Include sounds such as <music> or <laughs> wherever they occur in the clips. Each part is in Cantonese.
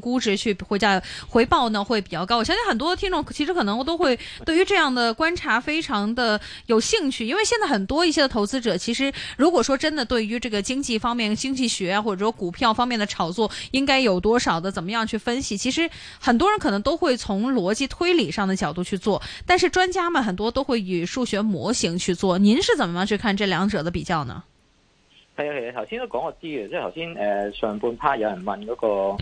估值去，回價回報呢，會比較高。我相信很多聽眾其實可能都會對於這樣的觀察非常的有興趣，因為現在很多一些的投資者，其實如果說真的對於這個經濟方面經濟學啊，或者說股票方面的炒作，應該有多少的怎麼樣去分析？其實很多人可能都會從邏輯推理上的角度去做，但是專家們很多都會以數學模型去做。您是怎麼樣去看這兩者的比較呢？係啊係啊，頭先都講過啲嘅，即係頭先誒上半 part 有人問嗰個。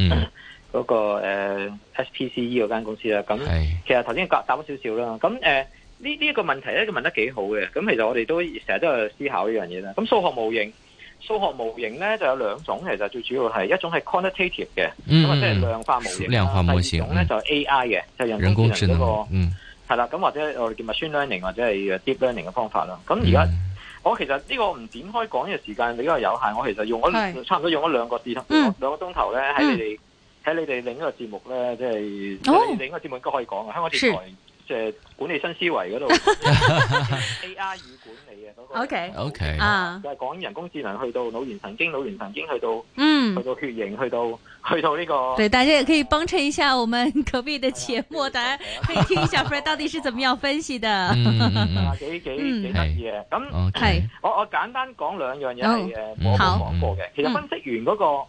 嗰個 SPCE 嗰間公司啦，咁其實頭先打開少少啦，咁誒呢呢個問題咧，就問得幾好嘅，咁其實我哋都成日都係思考呢樣嘢啦。咁數學模型，數學模型咧就有兩種，其實最主要係一種係 quantitative 嘅，咁啊即係量化模型。量化模型。一種咧就係 AI 嘅，就人工智能，嗯，係啦。咁或者我哋叫 machine learning 或者係 deep learning 嘅方法啦。咁而家我其實呢個唔點開講嘅時間，比較有限，我其實用咗差唔多用咗兩個字頭，兩個鐘頭咧喺你哋。喺你哋另一個節目咧，即係另一個節目都可以講啊！香港電台即係管理新思維嗰度 AR 與管理嘅嗰個。OK OK 啊，就係講人工智能去到腦原神經、腦原神經去到嗯，去到血型、去到去到呢個。對，大家也可以幫襯一下我們隔壁的節目，大家可以聽一下 Fred 到底是怎麼樣分析的。嗯嗯嗯，幾幾幾得意嘅咁？係我我簡單講兩樣嘢係誒，冇冇講過嘅。其實分析完嗰個。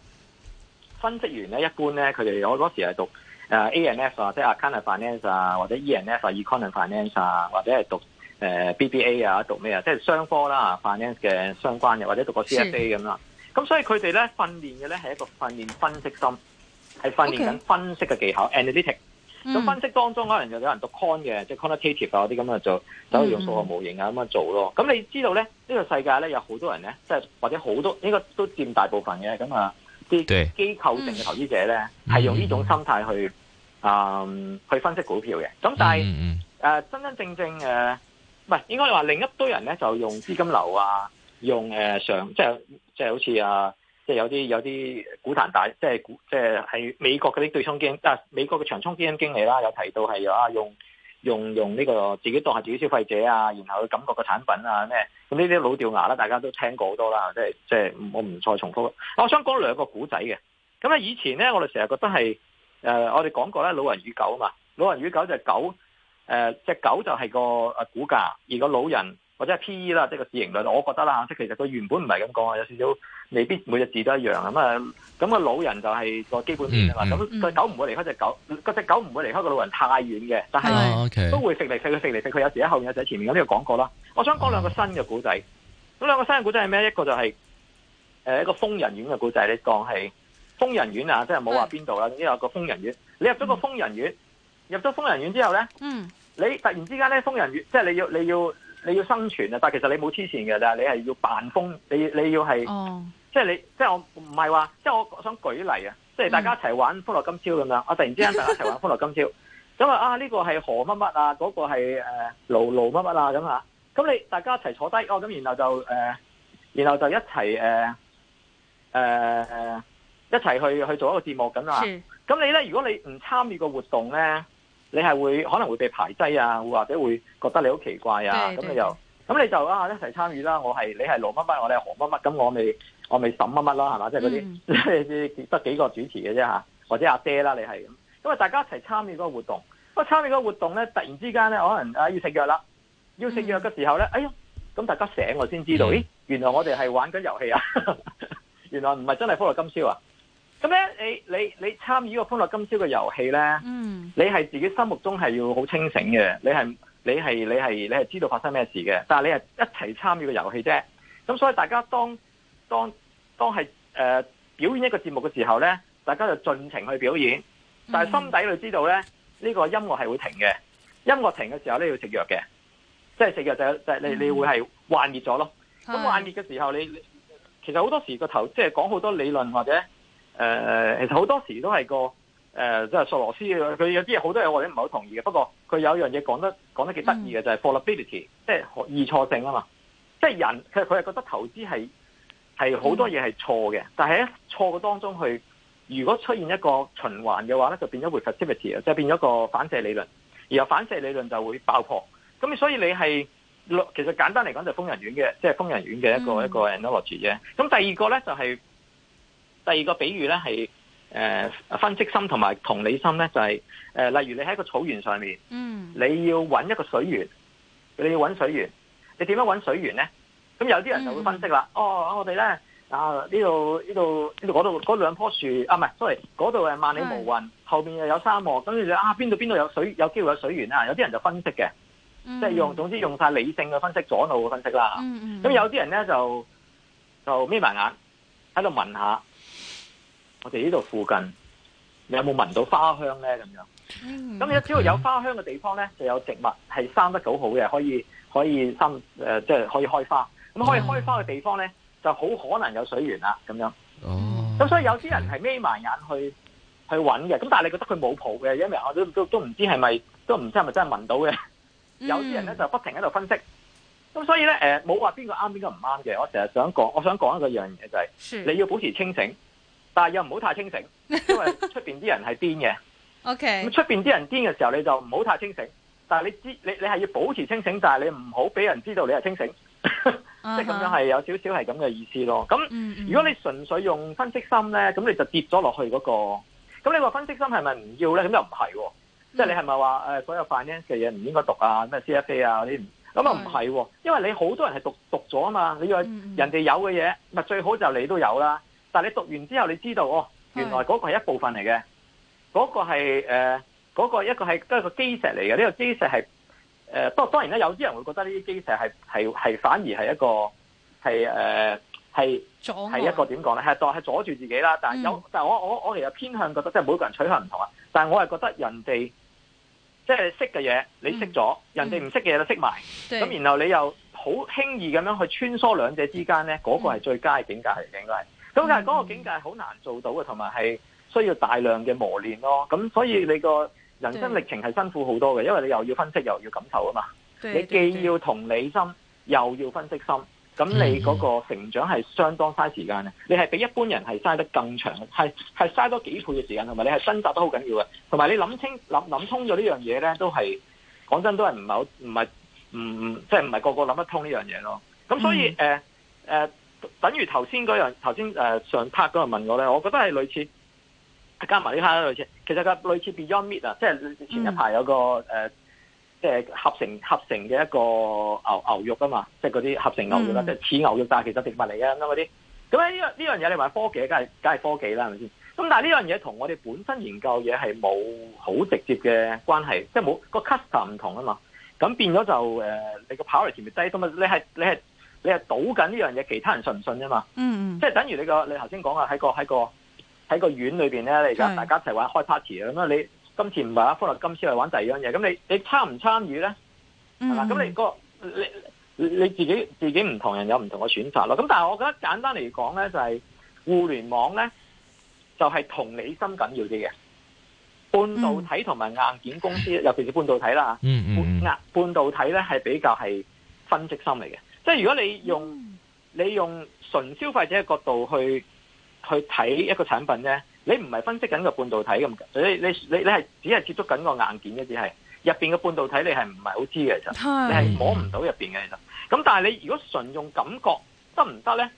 分析員咧，一般咧，佢哋有好多時係讀 A N F 啊，accountant finance 啊，finance，或者 E N F 啊 econ finance 啊，或者、e finance, 或者讀呃、B B A 啊，讀咩啊？即係雙科啦、啊、finance 嘅相關嘅，或者讀個 C F A 咁啦。咁是所以佢哋咧訓練嘅咧係一個訓練分析心，係訓練緊分析嘅技巧，analytic。咁分析當中可能就有人讀 con 嘅，即係 c o n n e c t a t i v e 啊嗰啲咁啊，就走用數學模型啊咁樣做咯。咁、嗯、你知道咧，呢、呢個世界咧有好多人咧，即係或者好多應該都佔大部分嘅咁啊。啲機構性嘅投資者咧，係、嗯、用呢種心態去，嗯，嗯嗯去分析股票嘅。咁但係，誒、嗯嗯呃、真真正正誒，唔、呃、係應該話另一堆人咧，就用資金流啊，用誒、呃、上，即係即係好似啊，即係有啲有啲股壇大，即係股，即係係美國嗰啲對沖基金，啊美國嘅長沖基金經理啦，有提到係有啊用。用用呢、這個自己當下自己消費者啊，然後去感覺個產品啊咩咁，呢啲老掉牙啦，大家都聽過好多啦，即係即係我唔再重複啦。我想講兩個古仔嘅，咁咧以前咧我哋成日覺得係誒、呃，我哋講過咧老人與狗啊嘛，老人與狗就係狗誒，隻、呃、狗就係個誒股價，而個老人。或者 P E 啦，即係個市盈率，我覺得啦，即係其實佢原本唔係咁講啊，有少少未必每隻字都一樣咁啊。咁個老人就係個基本面啊嘛，咁、嗯、佢、嗯嗯、狗唔會離開隻狗，個隻、嗯、狗唔會離開個老人太遠嘅，但係都會食嚟食去，食嚟食去，有時喺後面，時面，有時喺前面，咁呢個講過啦。我想講兩個新嘅古仔，咁兩、嗯、個新嘅古仔係咩？一個就係、是、誒、呃、一個瘋人院嘅古仔，你講係瘋人院啊，即係冇話邊度啦，總之、嗯、有個瘋人院，你入咗個瘋人院，嗯、入咗瘋人院之後咧，嗯、你突然之間咧，瘋人院即係你要你要。你要你要生存啊！但係其實你冇黐綫嘅，但係你係要扮風，你是要你，你要係、oh.，即係你即係我唔係話，即係我想舉例啊！即係大家一齊玩風《歡樂今宵》咁樣，我突然之間大家一齊玩風《歡樂今宵》，咁啊啊呢個係何乜乜啊，嗰、這個係誒盧盧乜乜啊咁啊！咁、那個呃啊、你大家一齊坐低哦，咁然後就誒、呃，然後就一齊誒誒一齊去去做一個節目咁啦。咁、mm. 你咧，如果你唔參與個活動咧？你係會可能會被排擠啊，或者會覺得你好奇怪啊，咁的你就咁你就啊一齊參與是是蚓蚓是蚓蚓蚓蚓啦。我係你係羅乜乜，我哋何乜乜，咁我咪我咪沈乜乜咯，係嘛？即係嗰啲得幾個主持嘅啫嚇，或者阿姐啦，你係咁。因為大家一齊參與嗰個活動，不、那、參、個、參與嗰個活動咧，突然之間咧，可能啊要食藥啦，要食藥嘅、嗯、時候咧，哎呀，咁大家醒我先知道，咦、嗯，原來我哋係玩緊遊戲啊， <laughs> 原來唔係真係福祿金宵啊！咁咧，你你你參與個歡樂今宵嘅遊戲咧，你係自己心目中係要好清醒嘅，你係你係你係你係知道發生咩事嘅，但係你係一齊參與個遊戲啫。咁所以大家當當當係誒、呃、表演一個節目嘅時候咧，大家就盡情去表演，但係心底裏知道咧，呢個音樂係會停嘅。音樂停嘅時候咧，要食藥嘅，即係食藥就就你、嗯、你會係幻滅咗咯。咁幻滅嘅時候你，你，你其實好多時個頭即係講好多理論或者。誒、呃，其實好多時都係個誒，即、呃、係、就是、索羅斯，佢有啲嘢好多嘢，我哋唔係好同意嘅。不過佢有一樣嘢講得講得幾得意嘅，就係、是、fallibility，、mm. 即係易錯性啊嘛。即係人其實佢係覺得投資係係好多嘢係錯嘅，mm. 但係喺錯嘅當中去，如果出現一個循環嘅話咧，就變咗回 reflexivity 啊，即係變咗個反射理論。然後反射理論就會爆破。咁所以你係其實簡單嚟講就瘋人院嘅，即係瘋人院嘅一個、mm. 一個 analogy 啫。咁第二個咧就係、是。第二個比喻咧係，誒，分析心同埋同理心咧就係、是、誒、呃、例如你喺一個草原上面，嗯、你要搵一個水源，你要搵水源，你點樣搵水源咧？咁有啲人就會分析啦，嗯、哦，我哋咧啊，呢度呢度呢度，嗰度嗰兩棵樹啊，唔係、啊、sorry，嗰度係萬里無雲，是後面又有沙漠，跟住就啊邊度邊度有水，有機會有水源啊？有啲人就分析嘅，嗯、即係用總之用晒理性嘅分析，左腦嘅分析啦。咁、嗯嗯、有啲人咧就就眯埋眼喺度聞下。我哋呢度附近你有冇聞到花香咧？咁樣，咁你、mm, okay. 只要有花香嘅地方咧，就有植物係生得好好嘅，可以可以生誒，即、呃、係、就是、可以開花。咁可以開花嘅地方咧，就好可能有水源啦。咁樣，咁、oh. 所以有啲人係眯埋眼去去揾嘅。咁但係你覺得佢冇譜嘅，因為我都都都唔知係咪，都唔知係咪真係聞到嘅。Mm. 有啲人咧就不停喺度分析。咁所以咧，誒、呃，冇話邊個啱，邊個唔啱嘅。我成日想講，我想講一個樣嘢就係、是，是你要保持清醒。但係又唔好太清醒，因為出邊啲人係癲嘅。O K，咁出邊啲人癲嘅時候，你就唔好太清醒。但係你知，你你係要保持清醒，但係你唔好俾人知道你係清醒。 <laughs> uh huh. 即係咁樣係有少少係咁嘅意思咯。咁如果你純粹用分析心咧，咁你就跌咗落去嗰、那個。咁你話分析心係咪唔要咧？咁又唔係，即係、uh huh. 你係咪話誒所有塊嘅嘢唔應該讀啊？咩 C F A 啊嗰啲？咁啊唔係，uh huh. 因為你好多人係讀讀咗啊嘛。你要人哋有嘅嘢，咪、uh huh. 最好就你都有啦。但你讀完之後，你知道哦，原來嗰個係一部分嚟嘅，嗰的個係誒，呃嗰個、係一個係都係個基石嚟嘅。呢、呢個基石係誒，不、呃、過當然咧，有啲人會覺得呢啲基石係係係反而係一個係誒係係一個點講咧係阻係阻住自己啦。但係有、嗯、但係我我我其實偏向覺得即係每個人取向唔同啊。但係我係覺得人哋即係識嘅嘢你識咗，嗯、人哋唔識嘅嘢你識埋，咁、嗯、然後你又好輕易咁樣去穿梭兩者之間咧，嗰、嗰個係最佳嘅境界嚟嘅，應該係。咁但係嗰個境界好難做到嘅，同埋係需要大量嘅磨練咯。咁所以你個人生歷程係辛苦好多嘅，因為你又要分析，又要感受啊嘛。你既要同理心，又要分析心，咁你嗰個成長係相當嘥時間嘅。你係比一般人係嘥得更長，係係嘥多幾倍嘅時間，同埋你係掙扎得好緊要嘅，同埋你諗清諗諗通咗呢樣嘢咧，都係講真都係唔係好唔係唔即係唔係個個諗得通呢樣嘢咯。咁所以誒誒。嗯等於頭先嗰樣，頭先誒上拍嗰人問我咧，我覺得係類似加埋呢下類似其實個類似 Beyond Meat 啊、嗯呃，即係前一排有個誒，即係合成合成嘅一個牛牛肉啊嘛，即係嗰啲合成牛肉啦，即係似牛肉但係其實植物嚟嘅咁啲。咁呢樣呢樣嘢你話科技梗係梗係科技啦，係咪先？咁但係呢樣嘢同我哋本身研究嘢係冇好直接嘅關係，即係冇個 customer 唔同啊嘛。咁變咗就誒、呃，你個 priority 低，咁嘛，你係你係。你係賭緊呢樣嘢，其他人信唔信啫嘛？嗯，嗯即係等於你個你頭先講啊，喺個喺個喺個院裏邊咧你噶。對 大家一齊玩開 party 咁啊！你今次唔係阿歡樂今宵嚟玩第二樣嘢，咁你你參唔參與咧？係嘛，嗯？咁你、個，你你自己自己唔同人有唔同嘅選擇咯。咁但係我覺得簡單嚟講咧，就係、是、互聯網咧，就係同理心緊要啲嘅。半導體同埋硬件公司，尤其、嗯嗯，是半導體啦，嗯，嗯半壓、啊、半導體咧係比較係分析心嚟嘅。即係如果你用你用純消費者嘅角度去去睇一個產品咧，你唔係分析緊個半導體咁，所以你你你係只係接觸緊個硬件嘅，只係入邊嘅半導體你係唔係好知嘅，其實你係摸唔到入邊嘅，其實。咁但係你如果純用感覺得唔得咧？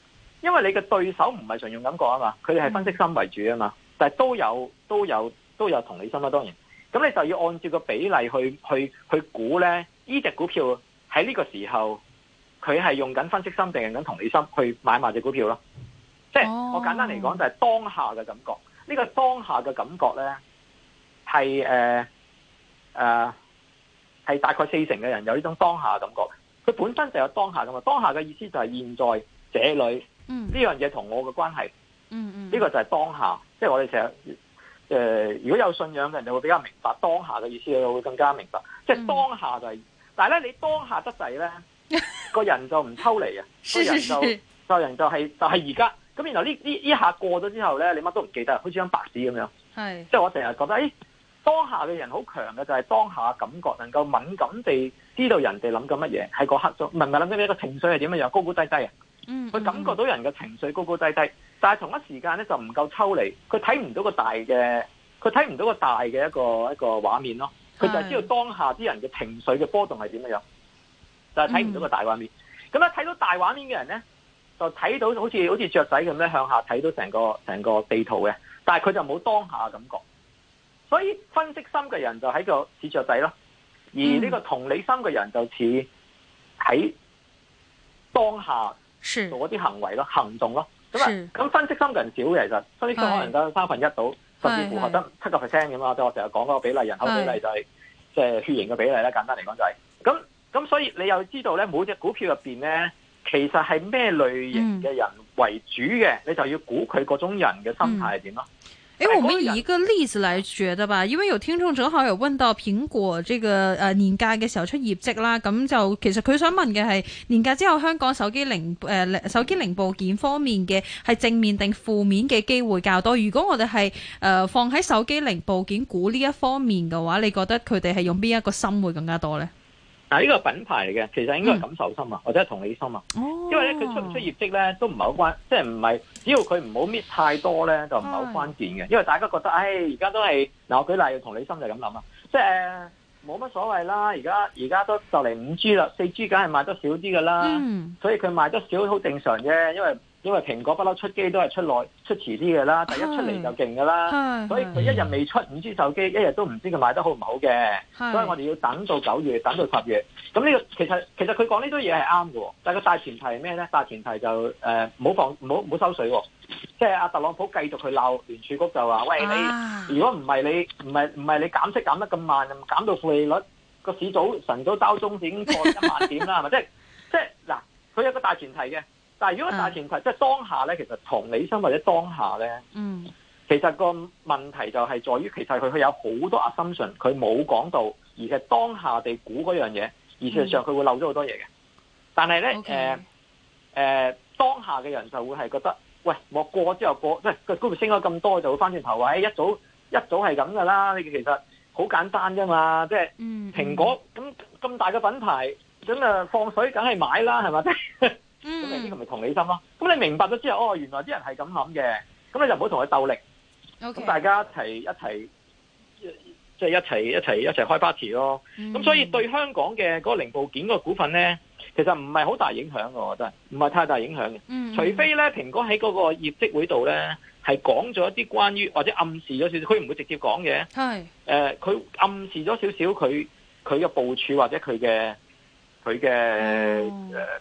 因為你嘅對手唔係純用感覺啊嘛，佢哋係分析心為主啊嘛，但係都有都有都有同理心啦，當然。咁你就要按照個比例去去去估咧，呢隻股票喺呢個時候。佢係用緊分析心，定係用緊同理心去買埋隻股票咯。即係、oh. 我簡單嚟講，就係、是、當下嘅感覺。呢、這個當下嘅感覺咧，係誒誒係大概四成嘅人有呢種當下嘅感覺。佢本身就有當下嘅嘛。當下嘅意思就係現在這裡、mm. 這裡。呢樣嘢同我嘅關係。嗯嗯，呢個就係當下。即係我哋成日誒如果有信仰嘅人，就會比較明白當下嘅意思，會更加明白。即係當下就係、是，mm. 但係咧，你當下得滯咧。個 <laughs> 人就唔抽離啊，個人就就 <laughs> 人就係、是、就係而家咁。然後呢呢呢下過咗之後咧，你乜都唔記得，好似張白紙咁樣。係即係我成日覺得，誒、哎、當下嘅人好強嘅就係、是、當下感覺能夠敏感地知道人哋諗緊乜嘢喺個黑中，唔係唔係諗緊你個情緒係點樣樣高高低低啊？佢、嗯嗯、感覺到人嘅情緒高高低低，但係同一時間咧就唔夠抽離，佢睇唔到個大嘅，佢睇唔到個大嘅一個一個畫面咯。佢就係知道當下啲人嘅情緒嘅波動係點樣樣。就睇唔到個大畫面，咁咧睇到大畫面嘅人咧，就睇到好似好似雀仔咁咧向下睇到成個成個地圖嘅，但係佢就冇當下嘅感覺。所以分析心嘅人就喺個似雀仔咯，而呢個同理心嘅人就似喺當下做嗰啲行為咯、是行動咯。咁啊是，咁分析心嘅人少嘅其實，分析心可能得三分一到甚至乎得七個 percent 咁咯，即我成日講嗰個比例、人口比例就係即係血型嘅比例咧。簡單嚟講就係、是、咁。咁所以你又知道咧，每隻股票入邊咧，其實係咩類型嘅人為主嘅，嗯、你就要估佢嗰種人嘅心態係點咯。誒、嗯，欸，我以一個例子嚟覺得吧，因為有聽眾正好有問到蘋果，呢個誒年假嘅時候出業績啦，咁就其實佢想問嘅係年假之後香港手機零、誒、呃、手機零部件方面嘅係正面定負面嘅機會較多。如果我哋係誒放喺手機零部件股呢一方面嘅話，你覺得佢哋係用邊一個心會更加多咧？係呢個品牌嚟嘅，其實應該係感受心啊，嗯、或者係同理心啊，因為咧佢出唔出業績咧都唔係好關，即係唔係只要佢唔好搣太多咧就唔係好關鍵嘅，嗯、因為大家覺得，唉而家都係嗱我舉例，同理心就係咁諗啊，即係冇乜所謂啦，而家而家都就嚟五 G 啦，四 G 梗係賣得少啲㗎啦，嗯、所以佢賣得少好正常啫，因為。因為蘋果不嬲出機都係出內出遲啲嘅啦，第一出嚟就勁嘅啦，是是是是所以佢一日未出五 G 手機，一日都唔知佢賣得好唔好嘅。是是所以我哋要等到九月，等到十月。咁呢個其實其實佢講呢堆嘢係啱喎。但係個大前提係咩咧？大前提就唔好放唔好收水，即係阿特朗普繼續去鬧聯儲局就話，喂，你如果唔係你唔係唔係你減息減得咁慢，減到負利率，個市早晨早收中已經破一萬點啦，係咪？ <laughs> 即係即係嗱，佢有個大前提嘅。但係如果大前提，嗯、即係當下咧，其實同理心或者當下咧，嗯、其實個問題就係在於，其實佢佢有好多 assumption，佢冇講到，而係當下地估嗰樣嘢，而事實上佢會漏咗好多嘢嘅。但係咧，誒誒、嗯 okay，呃呃，當下嘅人就會係覺得，喂，我過之後過，即係佢升咗咁多，就會翻轉頭位，一早一早係咁噶啦。你其實好簡單啫嘛，即係蘋果咁咁、嗯嗯、大嘅品牌，咁啊放水梗係買啦，係咪？ <laughs> 咁呢啲咪同理心咯、啊。咁你明白咗之後，哦，原來啲人係咁諗嘅，咁你就唔好同佢鬥力。O K，咁大家一齊一齊，即係一齊一齊一齊開 party 咯。咁、嗯、所以對香港嘅嗰個零部件個股份咧，其實唔係好大影響，我覺得唔係太大影響嘅。嗯，除非咧，蘋果喺嗰個業績會度咧，係講咗一啲關於或者暗示咗少少，佢唔會直接講嘅。係是，誒、呃，佢暗示咗少少，佢佢嘅部署或者佢嘅。佢嘅誒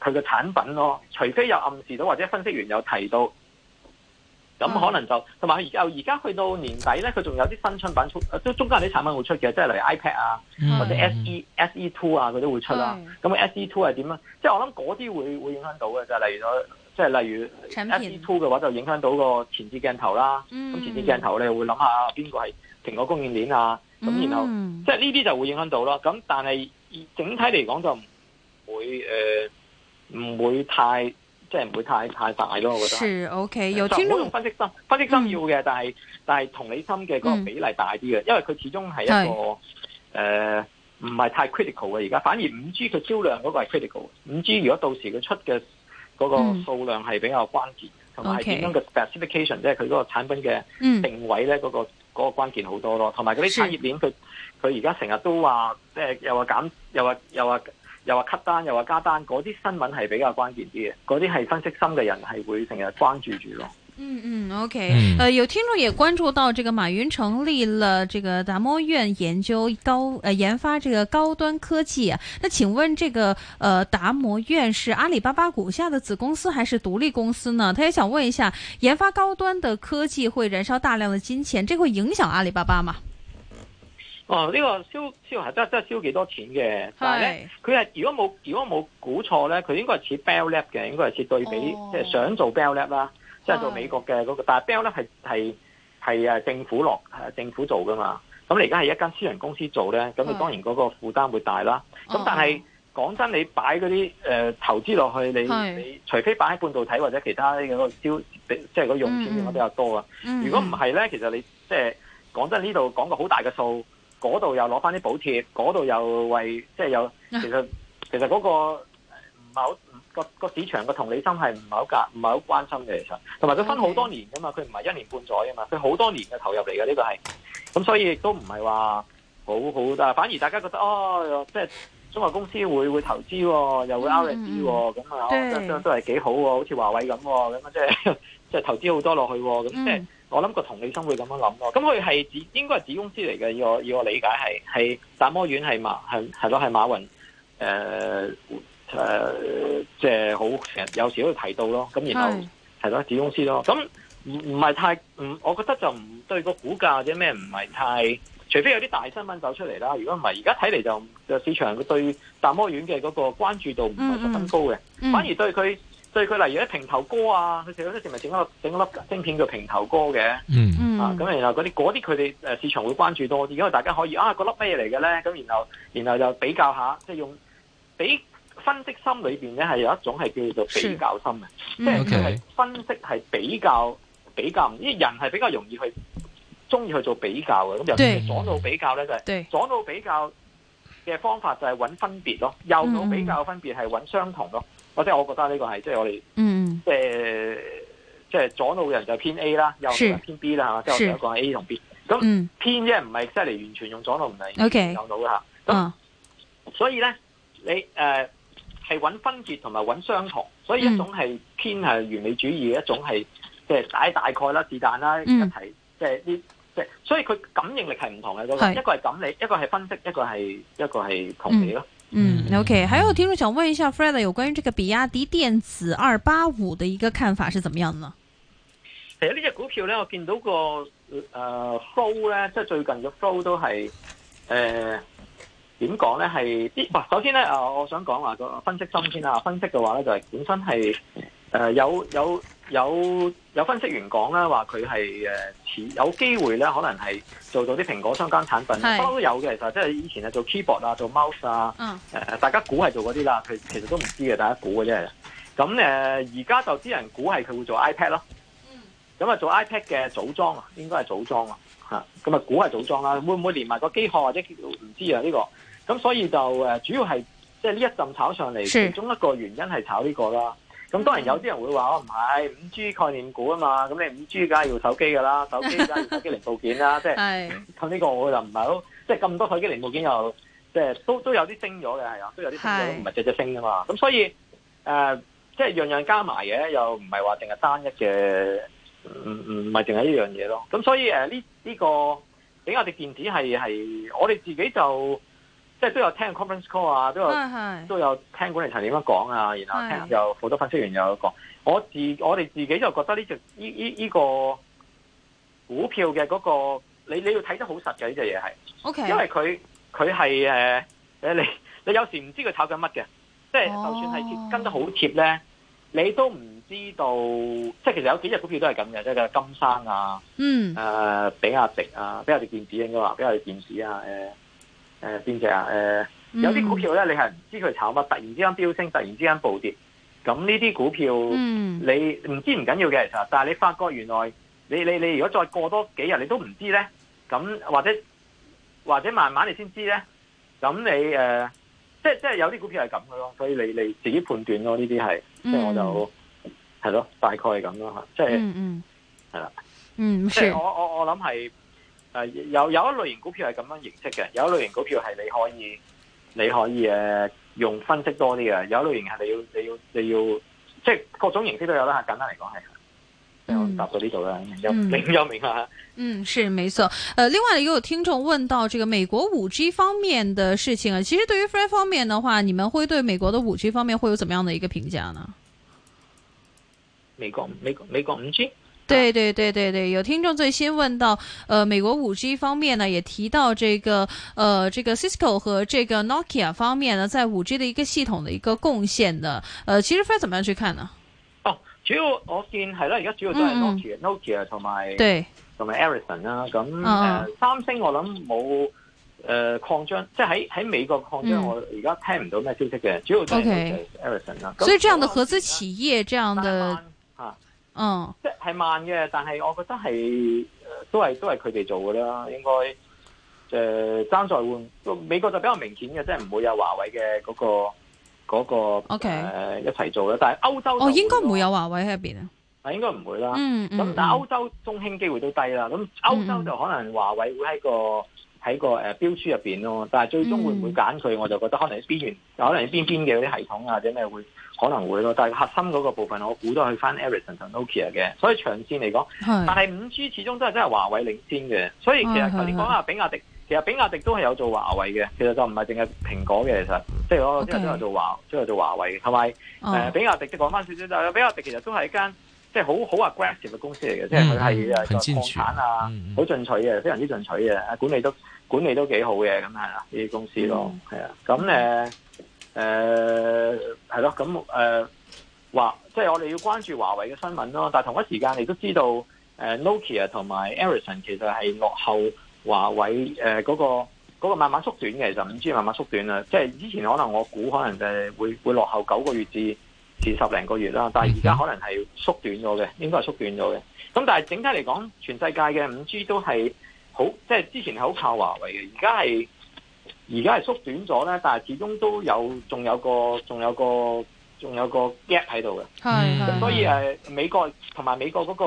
佢嘅產品咯，除非有暗示到或者分析員有提到，咁可能就同埋而而家去到年底咧，佢仲有啲新產品出，都中間啲產品會出嘅，即係例如 iPad 啊，或者 SE、mm hmm. SE Two 啊，佢都會出啊。咁 SE Two 係點啊？Mm hmm. 樣即係我諗嗰啲會會影響到嘅，就係、是、例如咗，即、就、係、是、例如 SE Two 嘅話，就影響到個前置鏡頭啦。咁、mm hmm. 前置鏡頭你會諗下邊個係蘋果供應鏈啊？咁然後、mm hmm. 即係呢啲就會影響到囉。咁但係整體嚟講就。唔。佢誒唔會太即係唔會太太大咯，我覺得。係 OK，好用分析心，分析心要嘅、嗯，但係但係同理心嘅個比例大啲嘅，嗯、因為佢始終係一個誒唔係太 critical 嘅而家，反而五 G 佢銷量嗰個係 critical。五 G 如果到時佢出嘅嗰個數量係比較關鍵，同埋係點樣嘅 specification 即係，佢嗰個產品嘅定位咧，嗰、嗯嗰個嗰、嗰個關鍵好多咯，同埋嗰啲產業鏈佢佢而家成日都話誒、呃，又話減，又話又話。又又話 cut 單，又話加單，嗰啲新聞係比較關鍵啲嘅，嗰啲係分析心嘅人係會成日關注住咯、嗯。嗯嗯，OK。嗯呃、有聽眾也關注到，這個馬雲成立了這個達摩院研究高、呃、研發這個高端科技。那請問，這個誒、呃、達摩院是阿里巴巴股下的子公司還是獨立公司呢？他也想問一下，研發高端的科技會燃燒大量的金錢，這會影響阿里巴巴嗎？哦，呢、呢個燒燒係真係真係燒幾多錢嘅，是但係咧佢係如果冇如果冇估錯咧，佢應該係似 Bell Lab 嘅，應該係似對比即係、哦、想做 Bell Lab 啦，即係是做美國嘅嗰、嗰個。但係 Bell Lab 係係係政府落、啊、政府做㗎嘛，咁你而家係一間私人公司做咧，咁你當然嗰個負擔會大啦。咁但係講真，你擺嗰啲誒投資落去，你是你除非擺喺半導體或者其他嗰個消，即、就、係、是、個用錢用得比較多啊。如果唔係咧，其實你即係講真呢度講個好大嘅數。嗰度又攞翻啲補貼，嗰度又為即係有，其實其實嗰個唔係好個個市場嘅同理心係唔係好夾，唔係好關心嘅其實，同埋佢分好多年噶嘛，佢唔係一年半載噶嘛，佢好多年嘅投入嚟嘅呢個係，咁所以亦都唔係話好好，但係反而大家覺得哦，即係中國公司會會投資喎、哦，又會 out 啲喎，咁啊，都係幾好喎，好似華為咁、哦，咁啊即係即係投資好多落去咁、哦、即我諗個同理心會咁樣諗咯，咁佢係子應該係子公司嚟嘅，以我以我理解係係達摩院係馬係係咯係馬雲誒誒，即、呃、係、呃就是、好成日有時都會提到咯，咁然後係咯子公司咯，咁唔唔係太唔，我覺得就唔對個股價或者咩唔係太，除非有啲大新聞走出嚟啦，如果唔係而家睇嚟就市場對達摩院嘅嗰個關注度唔係十分高嘅，嗯嗯、反而對佢。所以佢例如啲平頭哥啊，佢成日都係咪整個整粒晶片叫平頭哥嘅，嗯，啊咁然後嗰啲嗰啲佢哋誒市場會關注多啲，因為大家可以啊個粒咩嘢嚟嘅咧，咁然後然後就比較下，即係用比分析心裏邊咧係有一種係叫做比較心嘅，嗯、即係分析係比較比較，呢人係比較容易去中意去做比較嘅，咁有咩嘢左腦比較咧就係、是、左腦比較嘅方法就係、是、搵對分別咯，右腦比較分別係搵相同咯。或即係我覺得呢個係即係我哋，即係即係左腦人就偏 A 啦，右腦偏 B 啦吓，即係我哋講 A 同 B。咁偏即係唔係即係你完全用左腦唔係用右腦嘅吓。咁所以咧，你誒係搵分節同埋搵相同。所以一種係偏係完美主義，一種係即係解大概啦、是但啦、一齊，即係呢，即係所以佢感應力係唔同嘅。一個一個係感你，一個係分析，一個係一個係同理咯。嗯，OK，還有聽眾想問一下 Fred 有關於這個比亞迪電子二八五的一個看法是怎麼樣呢？其實，呢隻股票咧，我見到個誒、呃、flow 咧，即係最近嘅 flow 都係誒點講咧係啲，唔、呃啊、首先咧啊、呃，我想講下個分析心先啦，分析嘅話咧就係、是、本身係誒有有。有有有分析員講啦，話佢係誒有機會咧，可能係做到啲蘋果相關產品，都是都有嘅、啊啊嗯。其實即係以前係，做 keyboard 啊，做 mouse 啊，大家估係、呃、做嗰啲啦。佢其實都唔知嘅，大家估嘅啫。咁誒而家就啲人估係佢會做 iPad 咯。咁啊，做 iPad 嘅組裝啊，應該係組裝啊。咁啊，估係組裝啦。會唔會連埋個機殼或者唔知啊？呢、呢個，咁所以就誒、呃、主要係即係呢一陣炒上嚟，是其中一個原因係炒呢個啦。咁、嗯、當然有啲人會話我唔係五 G 概念股啊嘛，咁你五 G 梗係要手機噶啦，手機梗係要手機零部件啦，即係咁呢個我就唔係咯，即係咁多手機零部件又即係、就是、都都有啲升咗嘅係啊，都有啲升咗，唔係只只升噶嘛，咁所以誒即係樣樣加埋嘅，又唔係話淨係單一嘅，唔唔係淨係呢樣嘢咯。咁所以誒呢呢個比亞迪電子係係我哋自己就。即係都有聽 conference call 啊，都有都是是 有聽管理層點樣講啊，然後聽有好多分析員又講，我自我哋自己就覺得呢隻呢呢呢個股票嘅嗰、那個你你要睇得好實嘅呢隻嘢係，這個、是 Okay. 因為佢佢係誒誒你你有時唔知佢炒緊乜嘅，即係就算係跟得好貼咧，oh. 你都唔知道，即係其實有幾隻股票都係咁嘅，即係金生啊，嗯，誒，比亞迪啊，比亞迪電子應該話，比亞迪電子啊，誒、啊。誒，邊隻、呃、啊？誒、呃，有啲股票咧，你係唔知佢炒乜，突然之間飆升，突然之間暴跌，咁呢啲股票，嗯、你唔知唔緊要嘅其實，但係你發覺原來你，你你你如果再過多幾日，你都唔知咧，咁或者或者慢慢才道呢你先知咧，咁你誒，即係即係有啲股票係咁嘅咯，所以你你自己判斷咯，呢啲係，即係我就係咯，大概係咁咯吓，即係係啦，嗯，即係我我我諗係。誒，有有一類型股票係咁樣形式嘅，有一類型股票係你可以你可以誒用分析多啲嘅，有一類型係你,你,、呃、你要你要你要即係各種形式都有啦，簡單嚟講係。是我答到呢度啦，有嗯、有明就明啦嗯，是，沒錯。誒、呃，另外又有聽眾問到，這個美國五 G 方面的事情啊，其實對於 Fred 方面的話，你們會對美國的五 G 方面會有怎麼樣的一個評價呢？美國，美國，美國五 G。對對對對對，有聽眾最先問到，呃，美國五 G 方面呢，也提到這個，呃，這個 Cisco 和這個 Nokia、ok、方面呢，在五 G 的一個系統的一個貢獻的，呃，其實分系怎麼樣去看呢？哦，主要我見係啦，而家主要都係、ok 嗯、Nokia、嗯、Nokia 同埋對同埋 Ericsson 啦，咁誒，嗯嗯三星我諗冇誒擴張，即係喺喺美國擴張，嗯、我而家聽唔到咩消息嘅，只有對 Erics Okay son 啦、啊。所以這樣的合資企業，這樣的、嗯、啊。嗯，oh. 即係慢嘅，但係我覺得係、呃、都係都係佢哋做嘅啦，應該誒爭在換，美國就比較明顯嘅，即係唔會有華為嘅嗰個、嗰個誒 Okay.、呃、一齊做啦。但係歐洲、oh, 會，哦應該唔會有華為喺入邊啊，啊應該唔會啦。嗯，咁、嗯、但係歐洲中興機會都低啦，咁歐洲就可能華為會喺個。喺個誒標書入邊咯，但係最終會唔會揀佢，嗯、我就覺得可能喺邊緣，可能喺邊邊嘅嗰啲系統啊，或者咩會可能會咯。但係核心嗰個部分，我估都係去翻 Ericsson 同 Nokia、ok、嘅。所以長線嚟講，是但係五 G 始終都係真係華為領先嘅。所以其實頭先講下，比亞迪，其實比亞迪都係有做華為嘅，其實就唔係淨係蘋果嘅，其實即係我即係都係做華，即係做華為，同咪 Okay,？比亞迪即講講翻少少，就係比亞迪其實都係一間。即係好好 aggressive 嘅公司嚟嘅，mm, 即係佢係誒房產啊，好、啊、進取嘅，非常之進取嘅，管理都管理都幾好嘅，咁係啦，呢啲公司咯，係啊、mm.，咁誒誒係咯，咁誒華，即係我哋要關注華為嘅新聞咯，但係同一時間你都知道，誒、呃、Nokia 同埋 Ericsson 其實係落後華為誒嗰、呃那個那個慢慢縮短嘅，就唔知 G 慢慢縮短啦，即係之前可能我估可能誒會會落後九個月至。是十零個月啦，但係而家可能係縮短咗嘅，應該係縮短咗嘅。咁但係整體嚟講，全世界嘅五 G 都係好，即係之前係好靠華為嘅，而家係而家係縮短咗咧。但係始終都有仲有個仲有個仲有個 gap 喺度嘅。係，咁所以誒是美國同埋美國嗰個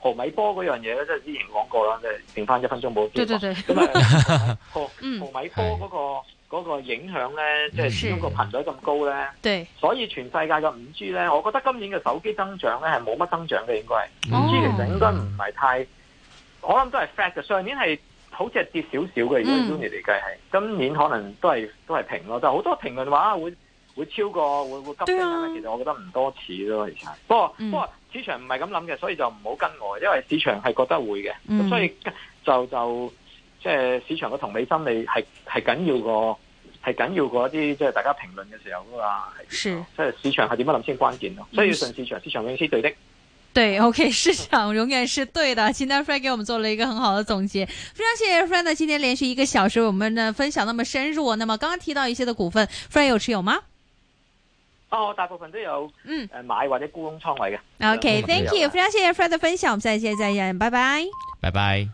毫米波嗰樣嘢咧，即係之前講過啦，即係剩翻一分鐘冇。咁啊，毫毫米波嗰個。嗯嗰個影響咧，即係超個頻率咁高咧，對所以全世界嘅五 G 咧，我覺得今年嘅手機增長咧係冇乜增長嘅，應該五、oh. G 其實應該唔係太，我諗、mm. 都係 flat 嘅。上年係好似係跌少少嘅，如果 j u n i 嚟計係，今年可能都係都係平咯。就好多評論話會,會超過，會會急升、啊、其實我覺得唔多似咯，其實不過、mm. 不過市場唔係咁諗嘅，所以就唔好跟我，因為市場係覺得會嘅，咁、mm. 所以就就。即係市場嘅同理心，理係係緊要過係緊要過一啲，即、就、係、是、大家評論嘅時候噶嘛，係即係市場係點樣諗先關鍵咯。所以要順市場，市場，市場永遠是對的。對，OK，市場永遠是對的。 <laughs> 今天 friend 給我們做了一個很好的總結，非常謝謝 friend 今天連續一個小時，我們嘅分享那麼深入啊。那麼剛剛提到一些的股份，friend 有持有嗎？哦，大部分都有，嗯，買或者沽空倉位嘅。OK，Thank Okay,、嗯、you，非常謝謝 friend 嘅分享。我們再再見，再見，拜拜，拜拜。